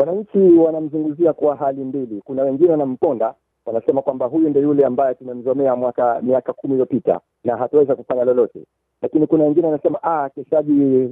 Wananchi wanamzungumzia kwa hali mbili. Kuna wengine wanamponda, wanasema kwamba huyu ndio yule ambaye tumemzomea mwaka miaka kumi iliyopita na hatuweza kufanya lolote, lakini kuna wengine wanasema ah, Keshaji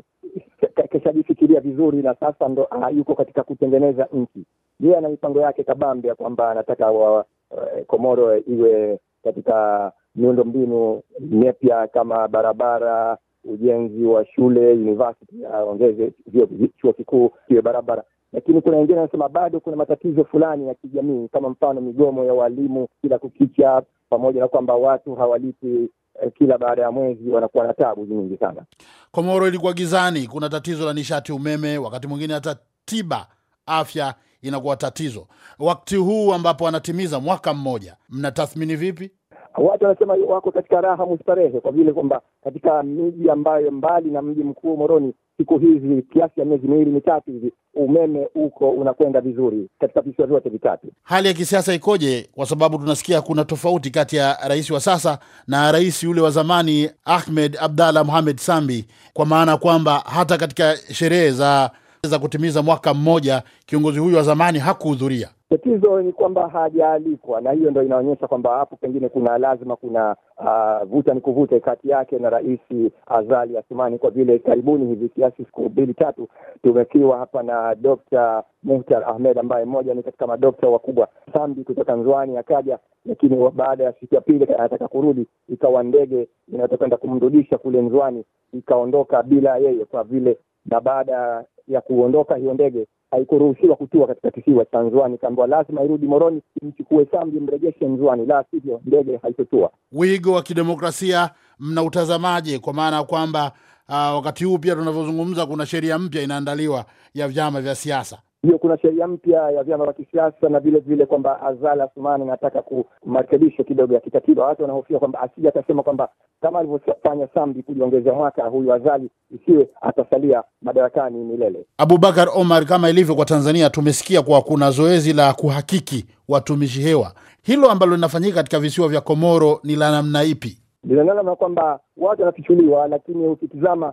keshajifikiria vizuri na sasa ndo ah, yuko katika kutengeneza nchi. Yeye ana mipango yake kabambe ya kwamba anataka wa, uh, Komoro iwe katika miundo mbinu mipya kama barabara, ujenzi wa shule, university, aongeze uh, vyuo kiwe barabara lakini kuna wengine wanasema bado kuna matatizo fulani ya kijamii, kama mfano migomo ya walimu kila kukicha, pamoja na kwamba watu hawalipi eh, kila baada ya mwezi, wanakuwa na tabu nyingi sana. Komoro ilikuwa gizani, kuna tatizo la nishati, umeme, wakati mwingine hata tiba, afya inakuwa tatizo. Wakati huu ambapo wanatimiza mwaka mmoja, mnatathmini vipi? Watu wanasema wako katika raha mustarehe, kwa vile kwamba katika miji ambayo mbali na mji mkuu Moroni siku hizi kiasi ya miezi miwili mitatu hivi umeme uko unakwenda vizuri katika visiwa vyote vitatu. Hali ya kisiasa ikoje? Kwa sababu tunasikia kuna tofauti kati ya rais wa sasa na rais yule wa zamani Ahmed Abdallah Mohamed Sambi, kwa maana kwamba hata katika sherehe za za kutimiza mwaka mmoja, kiongozi huyu wa zamani hakuhudhuria. Tatizo ni kwamba hajaalikwa, na hiyo ndo inaonyesha kwamba hapo pengine kuna lazima, kuna uh, vuta ni kuvute kati yake na Rais Azali Asumani, kwa vile karibuni hivi kiasi siku mbili tatu tumekiwa hapa na Dokta Muhtar Ahmed ambaye mmoja ni katika madokta wakubwa Sambi kutoka Nzwani akaja, lakini baada ya siku ya pili anataka kurudi, ikawa ndege inayotakwenda kumrudisha kule Nzwani ikaondoka bila yeye kwa vile na baada ya ya kuondoka hiyo ndege haikuruhusiwa kutua katika kisiwa cha Nzwani, kambwa lazima irudi Moroni, imchukue Sambi, mrejeshe Nzwani, la sivyo ndege haitotua. Wigo wa kidemokrasia mnautazamaje? Kwa maana ya kwamba uh, wakati huu pia tunavyozungumza kuna sheria mpya inaandaliwa ya vyama vya siasa hiyo kuna sheria mpya ya vyama vya kisiasa na vile vile kwamba Azali Asumani anataka kumarekebisho kidogo ya kikatiba. Watu wanahofia kwamba asija atasema kwamba kama alivyofanya Sambi kujiongeza mwaka huyu Azali, isiwe atasalia madarakani milele. Abubakar Omar, kama ilivyo kwa Tanzania, tumesikia kuwa kuna zoezi la kuhakiki watumishi hewa. Hilo ambalo linafanyika katika visiwa vya Komoro ni la namna ipi? Linaonekana kwamba watu wanafichuliwa, lakini ukitizama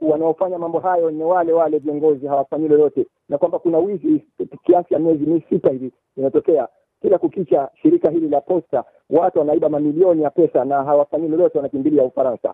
wanaofanya mambo hayo ni wale wale viongozi, hawafanyi lolote, na kwamba kuna wizi kiasi ya miezi misita hivi inatokea kila kukicha. Shirika hili la posta, watu wanaiba mamilioni ya pesa na hawafanyi lolote, wanakimbilia Ufaransa.